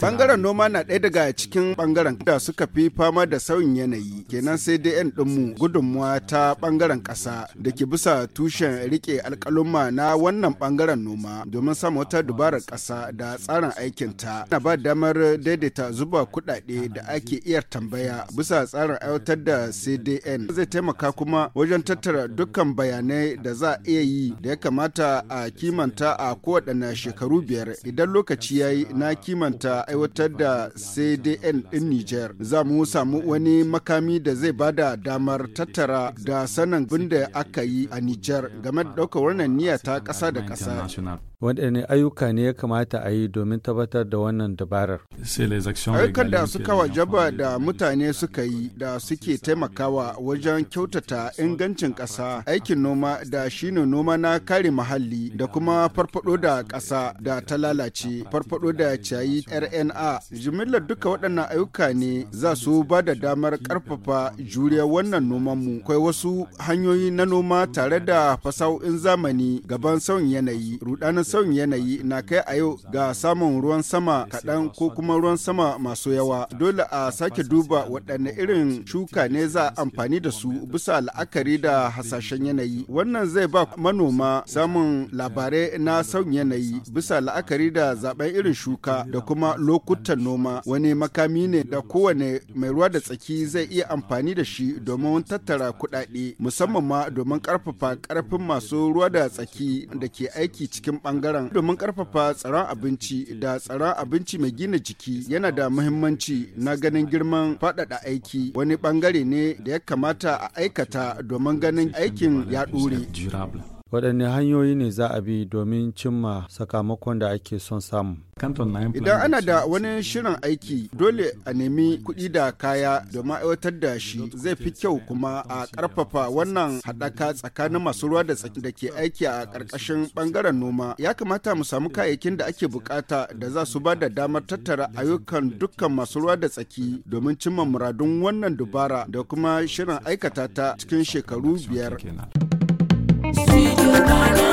Bangaren noma na ɗaya daga cikin bangaren da suka fi fama da sauyin yanayi kenan sai dai 'yan ɗinmu gudunmuwa ta bangaren ƙasa da ke bisa tushen riƙe alƙaluma na wannan bangaren noma domin samun wata dubarar ƙasa da tsarin aikinta na ba damar daidaita zuba kuɗaɗe da ake iya tambaya bisa tsarin aiwatar da CDN zai taimaka kuma wajen tattara dukkan bayanai da za a iya yi da ya kamata a kimanta a kowaɗanne shekaru biyar idan lokaci ya yi na kimanta ta aiwatar da cdn ɗin niger za mu samu wani makami da zai bada damar tattara da sanin da aka yi a niger game da ɗaukar wannan niyya ta ƙasa da ƙasa waɗanne ayyuka ne ya kamata a yi domin tabbatar da wannan dabarar. Ayyukan da suka wajaba da mutane suka yi da suke taimakawa wajen kyautata ingancin ƙasa, aikin noma da shine noma na kare muhalli da kuma farfado da ƙasa da ta lalace, farfado da ciyayi RNA. Jimillar duka waɗannan ayyuka ne za su ba da damar ƙarfafa juriya wannan nomanmu. kai wasu hanyoyi na noma tare da fasahohin zamani gaban sauyin yanayi, rudanin sauyin yanayi na kai a yau ga samun ruwan sama kaɗan ko kuma ruwan sama masu yawa dole a sake duba waɗanne irin shuka ne za a amfani da su bisa la'akari da hasashen yanayi wannan zai ba manoma samun labarai na sauyin yanayi bisa la'akari da zaben irin shuka da kuma lokutan noma wani makami ne da kowane mai ruwa da tsaki zai iya amfani da shi domin tattara kuɗaɗe musamman ma domin ƙarfafa ƙarfin masu ruwa da tsaki da ke aiki cikin ɓangare bangaren domin karfafa tsaron abinci da tsaron abinci mai gina jiki yana da muhimmanci na ganin girman faɗaɗa aiki wani bangare ne da ya kamata a aikata domin ganin aikin ya ɗure. waɗanne hanyoyi ne za a bi domin cimma sakamakon da ake son samu idan ana da wani shirin aiki dole a nemi kuɗi da kaya domin aiwatar da shi zai fi kyau kuma a ƙarfafa wannan haɗaka tsakanin masu ruwa da tsaki da ke aiki a ƙarƙashin ɓangaren noma ya kamata mu samu kayayyakin da ake buƙata da za su ba da damar tattara ayyukan dukkan masu ruwa da tsaki domin cimma muradun wannan dubara da kuma shirin aikata ta cikin shekaru biyar. Bye.